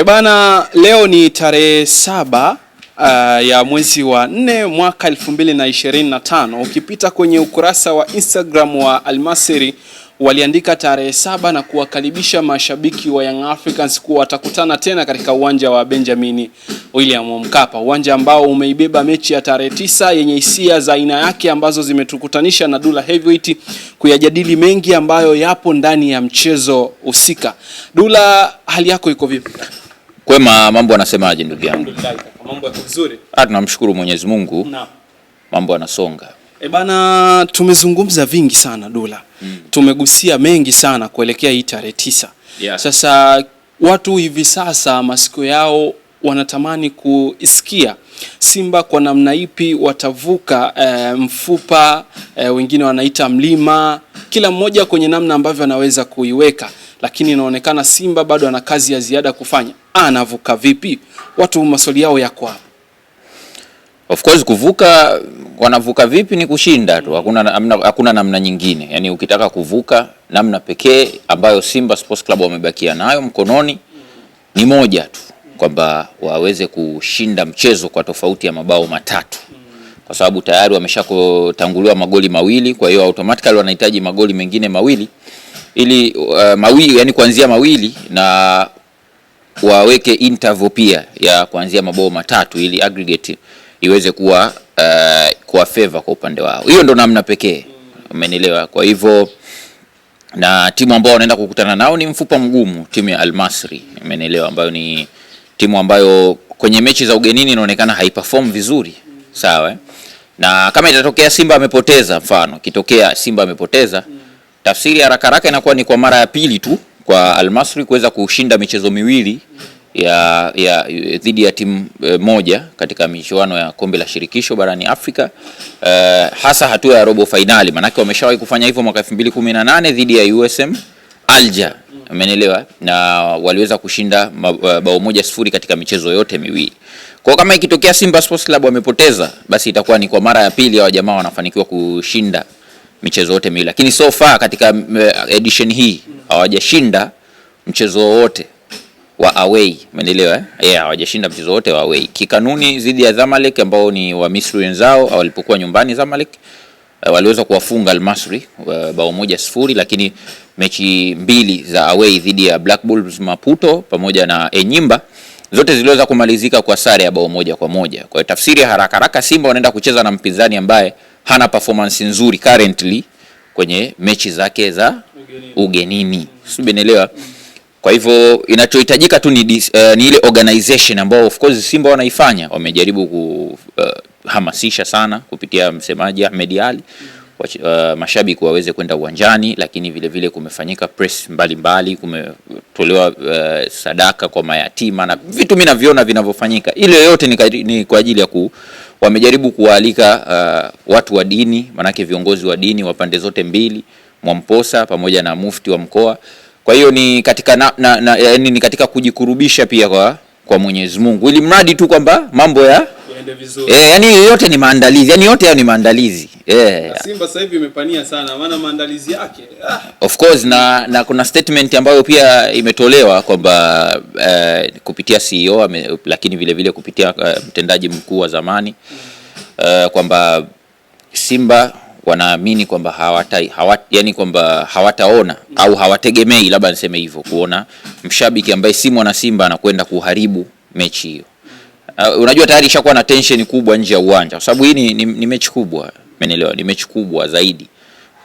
E bana, leo ni tarehe saba uh, ya mwezi wa nne mwaka tano. Ukipita kwenye ukurasa wa Instagram wa Almasiri waliandika tarehe saba na kuwakaribisha mashabiki wa Young Africans kuwa watakutana tena katika uwanja wa Benjamin William Mkapa, uwanja ambao umeibeba mechi ya tarehe tisa yenye hisia za aina yake ambazo zimetukutanisha na Dula Heavyweight kuyajadili mengi ambayo yapo ndani ya mchezo husika. Dula, hali yako iko vipi? Kwema mambo anasemaje ndugu yangu? Mambo yako vizuri? Ah, tunamshukuru Mwenyezi Mungu. Naam. Mambo yanasonga. E bana, tumezungumza vingi sana Dula. Mm. Tumegusia mengi sana kuelekea hii tarehe tisa. Yeah. Sasa watu hivi sasa masikio yao wanatamani kusikia Simba kwa namna ipi watavuka e, mfupa e, wengine wanaita mlima, kila mmoja kwenye namna ambavyo anaweza kuiweka, lakini inaonekana Simba bado ana kazi ya ziada kufanya anavuka vipi? Watu maswali yao yako hapo. Of course kuvuka, wanavuka vipi? Ni kushinda tu, hakuna hakuna namna nyingine. Yani ukitaka kuvuka, namna pekee ambayo Simba Sports Club wamebakia nayo mkononi ni moja tu, kwamba waweze kushinda mchezo kwa tofauti ya mabao matatu, kwa sababu tayari wameshakotanguliwa magoli mawili. Kwa hiyo automatically wanahitaji magoli mengine mawili ili uh, mawili yani kuanzia mawili na waweke interval pia ya kuanzia mabao matatu ili aggregate iweze kuwa uh, kwa favor kwa upande wao. Hiyo ndo namna pekee, umenielewa? Kwa hivyo na timu ambao wanaenda kukutana nao ni mfupa mgumu, timu ya Almasri, umenielewa, ambayo ni timu ambayo kwenye mechi za ugenini inaonekana haiperform vizuri, sawa. Eh? Na kama itatokea Simba amepoteza, mfano kitokea Simba amepoteza, tafsiri haraka haraka inakuwa ni kwa mara ya pili tu kwa Almasri kuweza kushinda michezo miwili ya, ya dhidi ya timu e, moja katika michuano ya kombe la shirikisho barani Afrika e, hasa hatua ya robo fainali, maanake wameshawahi kufanya hivyo mwaka 2018 dhidi ya USM Alja, umeelewa, na waliweza kushinda eh, bao moja sifuri katika michezo yote miwili. Kwa kama ikitokea Simba Sports Club wamepoteza, basi itakuwa ni kwa mara ya pili hawa jamaa wanafanikiwa kushinda michezo yote miwili, lakini so far katika eh, edition hii hawajashinda mchezo wote wa away, umeelewa eh? Yeah, hawajashinda mchezo wote wa away kikanuni dhidi ya Zamalek ambao ni wa Misri wenzao. Walipokuwa nyumbani Zamalek eh, waliweza kuwafunga Al-Masri eh, bao moja sifuri, lakini mechi mbili za away dhidi ya Black Bulls Maputo pamoja na Enyimba zote ziliweza kumalizika kwa sare ya bao moja kwa moja. Kwa hiyo tafsiri ya haraka haraka, Simba wanaenda kucheza na mpinzani ambaye hana performance nzuri currently kwenye mechi zake za ugenini, ugenini. Sibenelewa. Kwa hivyo inachohitajika tu ni, uh, ni ile organization ambao of course Simba wanaifanya, wamejaribu kuhamasisha eh, uh, sana kupitia msemaji Ahmed Ali uh, mashabiki waweze kwenda uwanjani, lakini vile vile kumefanyika press mbalimbali, kumetolewa uh, sadaka kwa mayatima na vitu mimi naviona vinavyofanyika, ile yote ni, ni kwa ajili ya ku wamejaribu kuwaalika uh, watu wa dini, maanake viongozi wa dini wa pande zote mbili, Mwamposa pamoja na mufti wa mkoa. Kwa hiyo ni katika na, na, na, yaani ni katika kujikurubisha pia kwa, kwa Mwenyezi Mungu ili mradi tu kwamba mambo ya iende vizuri. Eh, yani yote ni maandalizi. Yani yote hayo ni maandalizi. Eh. Simba sasa hivi imepania sana maana maandalizi yake. Ah. Of course na na kuna statement ambayo pia imetolewa kwamba eh, kupitia CEO ame, lakini vile vile kupitia uh, mtendaji mkuu wa zamani eh, kwamba Simba wanaamini kwamba hawata, hawata, yani kwamba hawataona mm. au hawategemei labda niseme hivyo kuona mshabiki ambaye si mwana Simba anakwenda kuharibu mechi hiyo uh, unajua tayari ishakuwa na tension kubwa nje ya uwanja kwa sababu hii ni, ni, ni mechi kubwa, menelewa Ni mechi kubwa zaidi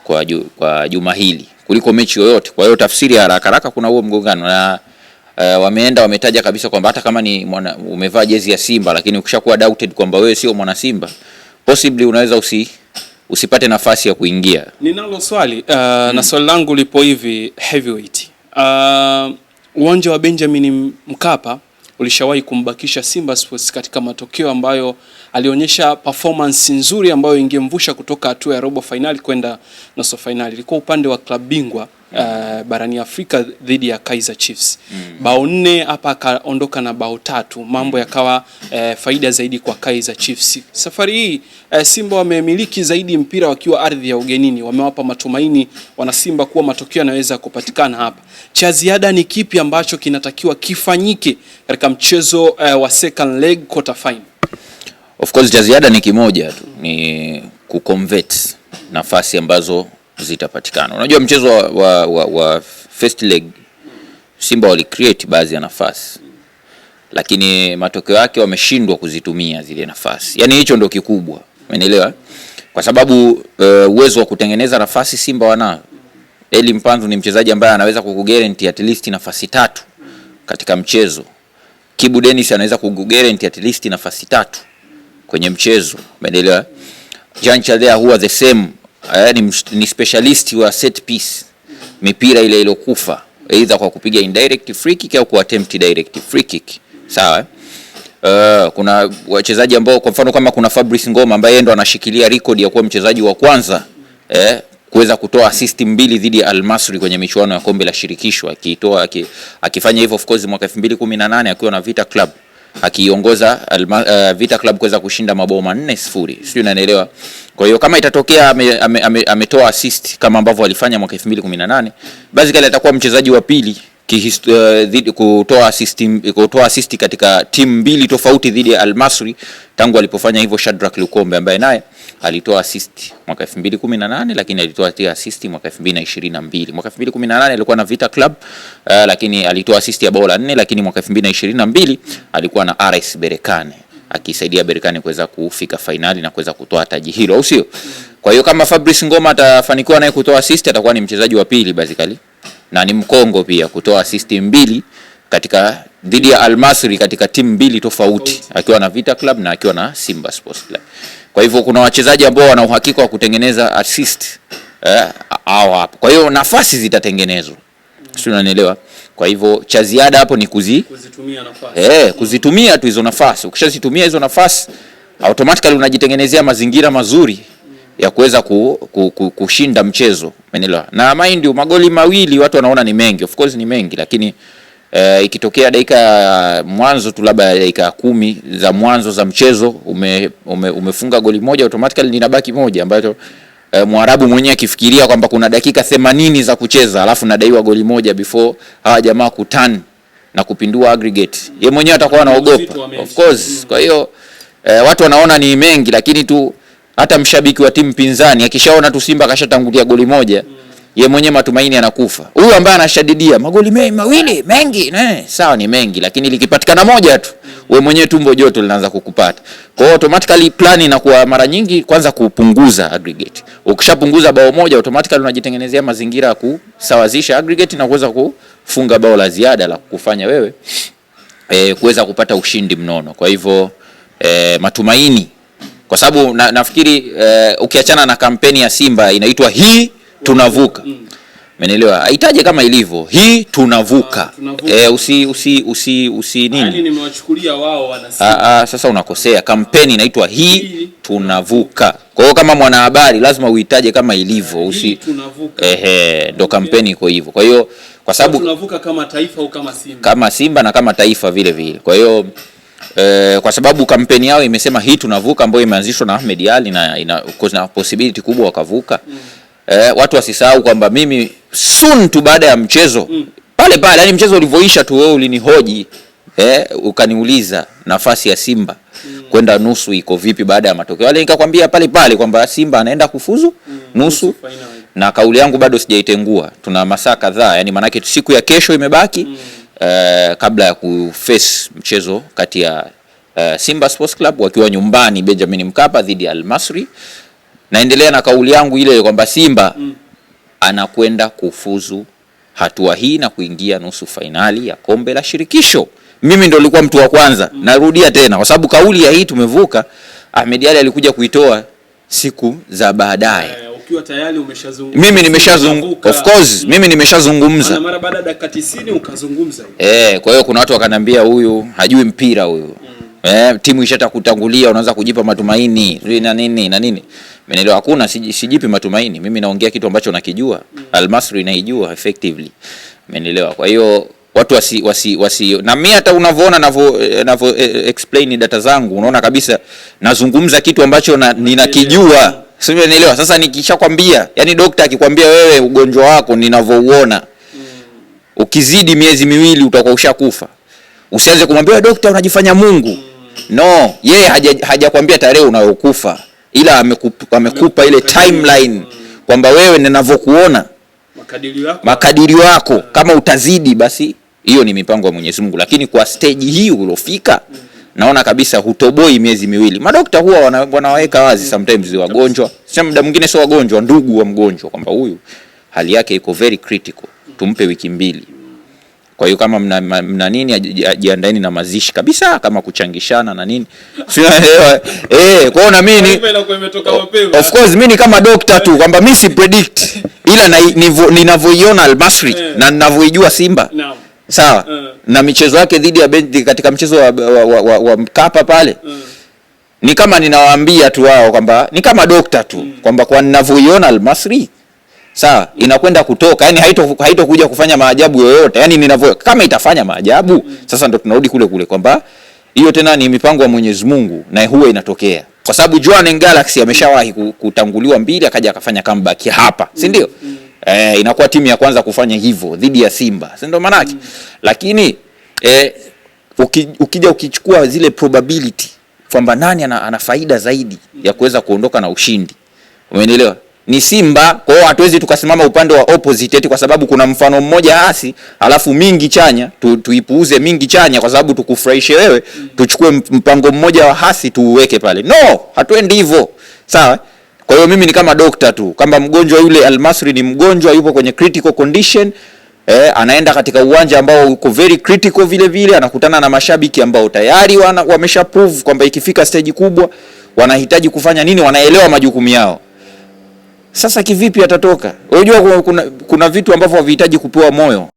kwa, ju, kwa juma hili kuliko mechi yoyote. Kwa hiyo tafsiri ya haraka haraka kuna huo mgongano na uh, wameenda wametaja kabisa kwamba hata kama ni mwana, umevaa jezi ya Simba lakini ukishakuwa doubted kwamba wewe sio mwana Simba possibly unaweza usi usipate nafasi ya kuingia. Ninalo swali uh, hmm. na swali langu lipo hivi Heavyweight, uh, uwanja wa Benjamin Mkapa ulishawahi kumbakisha Simba Sports katika matokeo ambayo alionyesha performance nzuri ambayo ingemvusha kutoka hatua ya robo fainali kwenda nusu fainali, ilikuwa upande wa klabu bingwa uh, barani Afrika dhidi ya Kaizer Chiefs mm. bao nne hapa akaondoka na bao tatu, mambo yakawa uh, faida zaidi kwa Kaizer Chiefs. Safari hii uh, Simba wamemiliki zaidi mpira wakiwa ardhi ya ugenini, wamewapa matumaini wanasimba kuwa matokeo yanaweza kupatikana hapa. Cha ziada ni kipi ambacho kinatakiwa kifanyike katika mchezo uh, wa second leg quarter final? Of course cha ziada ni kimoja tu, ni kuconvert nafasi ambazo zitapatikana. Unajua mchezo wa, wa, wa, wa first leg Simba walicreate baadhi ya nafasi lakini matokeo yake wameshindwa kuzitumia zile nafasi. Yaani hicho ndio kikubwa, umeelewa? Kwa sababu uh, uwezo wa kutengeneza nafasi Simba wanao. Eli Mpanzu ni mchezaji ambaye anaweza kukuguarantee at least nafasi tatu katika mchezo. Kibu Dennis anaweza kukuguarantee at least nafasi tatu kwenye mchezo, umeelewa? Jean Charles huwa the same Ah, yani ni specialist wa set piece, mipira ile iliyokufa aidha kwa kupiga indirect free kick au kuattempt direct free kick, sawa. Uh, kuna wachezaji ambao kwa mfano kama kuna Fabrice Ngoma ambaye ndo anashikilia record ya kuwa mchezaji wa kwanza eh, kuweza kutoa assist mbili dhidi ya almasri kwenye michuano ya kombe la shirikisho, akitoa akifanya hivyo of course mwaka 2018 akiwa na Vita Club akiiongoza uh, eh, Vita Club kuweza kushinda mabao manne sifuri, sijui unanielewa. Kwa hiyo kama itatokea ametoa ame, ame, ame assist kama ambavyo alifanya mwaka 2018 basically atakuwa mchezaji wa pili Uh, kutoa assist, kutoa assist katika timu mbili tofauti dhidi ya almasri tangu alipofanya hivyo Shadrack Lukombe ambaye naye alitoa assist mwaka 2018 lakini alitoa pia assist mwaka 2022. Mwaka 2018 alikuwa na Vita Club uh, lakini alitoa assist ya bao la nne, lakini mwaka 2022 alikuwa na RS Berekane akisaidia Berkane kuweza kufika fainali na kuweza kutoa taji hilo, au sio? Kwa hiyo kama Fabrice Ngoma atafanikiwa naye kutoa assist atakuwa ni mchezaji wa pili basically na ni Mkongo pia kutoa assist mbili katika dhidi ya Almasri katika timu mbili tofauti akiwa na Vita Club na akiwa na Simba Sports Club. Kwa hivyo kuna wachezaji ambao wana uhakika wa kutengeneza assist eh, au hapo. Kwa hiyo nafasi zitatengenezwa, si unanielewa? Kwa hivyo cha ziada hapo ni kuzi, kuzitumia nafasi eh, kuzitumia tu hizo nafasi. Ukishazitumia hizo nafasi automatically unajitengenezea mazingira mazuri ya kuweza ku, ku, ku, kushinda mchezo, umeelewa? Na mind you magoli mawili watu wanaona ni mengi, of course ni mengi, lakini Uh, ikitokea dakika ya mwanzo tu labda dakika kumi za mwanzo za mchezo ume, ume, umefunga goli moja automatically linabaki moja ambayo uh, Mwarabu mwenyewe akifikiria kwamba kuna dakika themanini za kucheza alafu nadaiwa goli moja before hawa jamaa kutan na kupindua aggregate, ye mwenyewe atakuwa anaogopa of course. Mm. Kwa hiyo uh, watu wanaona ni mengi, lakini tu hata mshabiki wa timu pinzani akishaona tu Simba kashatangulia goli moja mm ye mwenye matumaini anakufa. Huyu ambaye anashadidia magoli mengi mawili mengi, ne, sawa ni mengi, lakini likipatikana moja tu we mwenyewe tumbo joto linaanza kukupata. Kwa hiyo automatically plan inakuwa mara nyingi kwanza kupunguza aggregate. Ukishapunguza bao moja, automatically unajitengenezea mazingira ya kusawazisha aggregate na kuweza kufunga bao la ziada la kufanya wewe e, kuweza kupata ushindi mnono. Kwa hivyo e, matumaini kwa sababu na, nafikiri e, ukiachana na kampeni ya Simba inaitwa hii tunavuka. Umenielewa? Haitaje kama ilivyo. Hii ah, tunavuka. Eh, usi usi usi usi yaani nini? Nimewachukulia wao wanasema. Ah, ah, sasa unakosea. Kampeni inaitwa hii tunavuka. Kwa hiyo kama mwanahabari lazima uhitaje kama ilivyo, usi ehe, ndo kampeni iko hivyo. Kwa hiyo kwa sababu tunavuka kama taifa au kama Simba. Kama Simba na kama taifa vile vile. Kwa hiyo E, kwa sababu kampeni yao imesema hii tunavuka, ambayo imeanzishwa na Ahmed Ali na ina, ina possibility kubwa wakavuka mm eh, watu wasisahau kwamba mimi soon tu baada ya mchezo mm. pale pale, yani mchezo ulivyoisha tu wewe ulinihoji eh, ukaniuliza nafasi ya Simba mm. kwenda nusu iko vipi baada ya matokeo wale, nikakwambia pale pale kwamba Simba anaenda kufuzu mm. nusu, nusu final. na kauli yangu bado sijaitengua, tuna masaa kadhaa, yani maanake siku ya kesho imebaki mm. eh, kabla ya kuface mchezo kati ya Uh, Simba Sports Club wakiwa nyumbani Benjamin Mkapa dhidi ya Al Masry naendelea na kauli yangu ile kwamba Simba mm. anakwenda kufuzu hatua hii na kuingia nusu fainali ya kombe la shirikisho. Mimi ndo nilikuwa mtu wa kwanza mm. narudia tena, kwa sababu kauli ya hii tumevuka, Ahmed Ali alikuja kuitoa siku za baadaye eh, ukiwa tayari umeshazungumza. Mimi nimeshazungumza of course mm. mimi nimeshazungumza mara baada ya dakika 90 ukazungumza eh. Kwa hiyo kuna watu wakaniambia huyu hajui mpira huyu eh, timu ishataka kutangulia, unaanza kujipa matumaini sijui na nini na nini, menelewa Hakuna, sijipi matumaini mimi, naongea kitu ambacho nakijua mm. Almasri inaijua effectively, menelewa Kwa hiyo watu wasi, wasi, wasi na mimi hata unavyoona navyo eh, navyo eh, eh, explain data zangu, unaona kabisa nazungumza kitu ambacho na, ninakijua sio, umeelewa? Sasa nikishakwambia, yani dokta akikwambia wewe ugonjwa wako ninavyouona ukizidi miezi miwili utakuwa ushakufa, usianze kumwambia dokta unajifanya Mungu mm. No, yeye hajakwambia haja tarehe unayokufa, ila amekupa, amekupa ile timeline kwamba wewe ninavyokuona makadirio yako, makadirio yako kama utazidi basi hiyo ni mipango ya Mwenyezi Mungu, lakini kwa stage hii uliofika naona kabisa hutoboi miezi miwili. Madokta huwa wanaweka wazi sometimes wagonjwa, sema muda mwingine sio wagonjwa, ndugu wa mgonjwa kwamba huyu hali yake iko very critical, tumpe wiki mbili kwa hiyo kama mna, mna nini ajiandaeni na mazishi kabisa, kama kuchangishana na nini, sinaelewa eh. kwao na mimi oh, of course mimi kama doctor tu kwamba mimi si predict, ila ninavyoiona Al-Masry eh. na ninavyoijua Simba sawa eh. na michezo yake dhidi ya Benji katika mchezo wa, wa, wa, wa, wa Mkapa pale eh. ni kama ninawaambia tu wao kwamba ni kama dokta tu mm. kwamba kwa ninavyoiona Al-Masry sawa, inakwenda kutoka, yani haito haitokuja kufanya maajabu yoyote, yani ninavyo kama itafanya maajabu sasa, ndo tunarudi kule kule kwamba hiyo tena ni mipango ya Mwenyezi Mungu na huwa inatokea kwa sababu Jwaneng Galaxy ameshawahi kutanguliwa mbili akaja akafanya comeback hapa, si ndio? mm -hmm. e, inakuwa timu ya kwanza kufanya hivyo dhidi ya Simba, si ndio mm -hmm. Lakini e, uki, ukija ukichukua zile probability kwamba nani ana, ana faida zaidi ya kuweza kuondoka na ushindi, umenielewa? ni Simba. Kwa hiyo hatuwezi tukasimama upande wa opposite eti kwa sababu kuna mfano mmoja hasi alafu mingi chanya tu, tuipuuze mingi chanya kwa sababu tukufurahishe wewe, tuchukue mpango mmoja wa hasi tuuweke pale. No, hatuendi hivyo, sawa. Kwa hiyo mimi ni kama dokta tu, kama mgonjwa yule Almasri ni mgonjwa, yupo kwenye critical condition eh, anaenda katika uwanja ambao uko very critical, vile vile anakutana na mashabiki ambao tayari wamesha prove kwamba ikifika stage kubwa wanahitaji kufanya nini, wanaelewa majukumu yao. Sasa kivipi atatoka? Unajua kuna, kuna vitu ambavyo havihitaji kupewa moyo.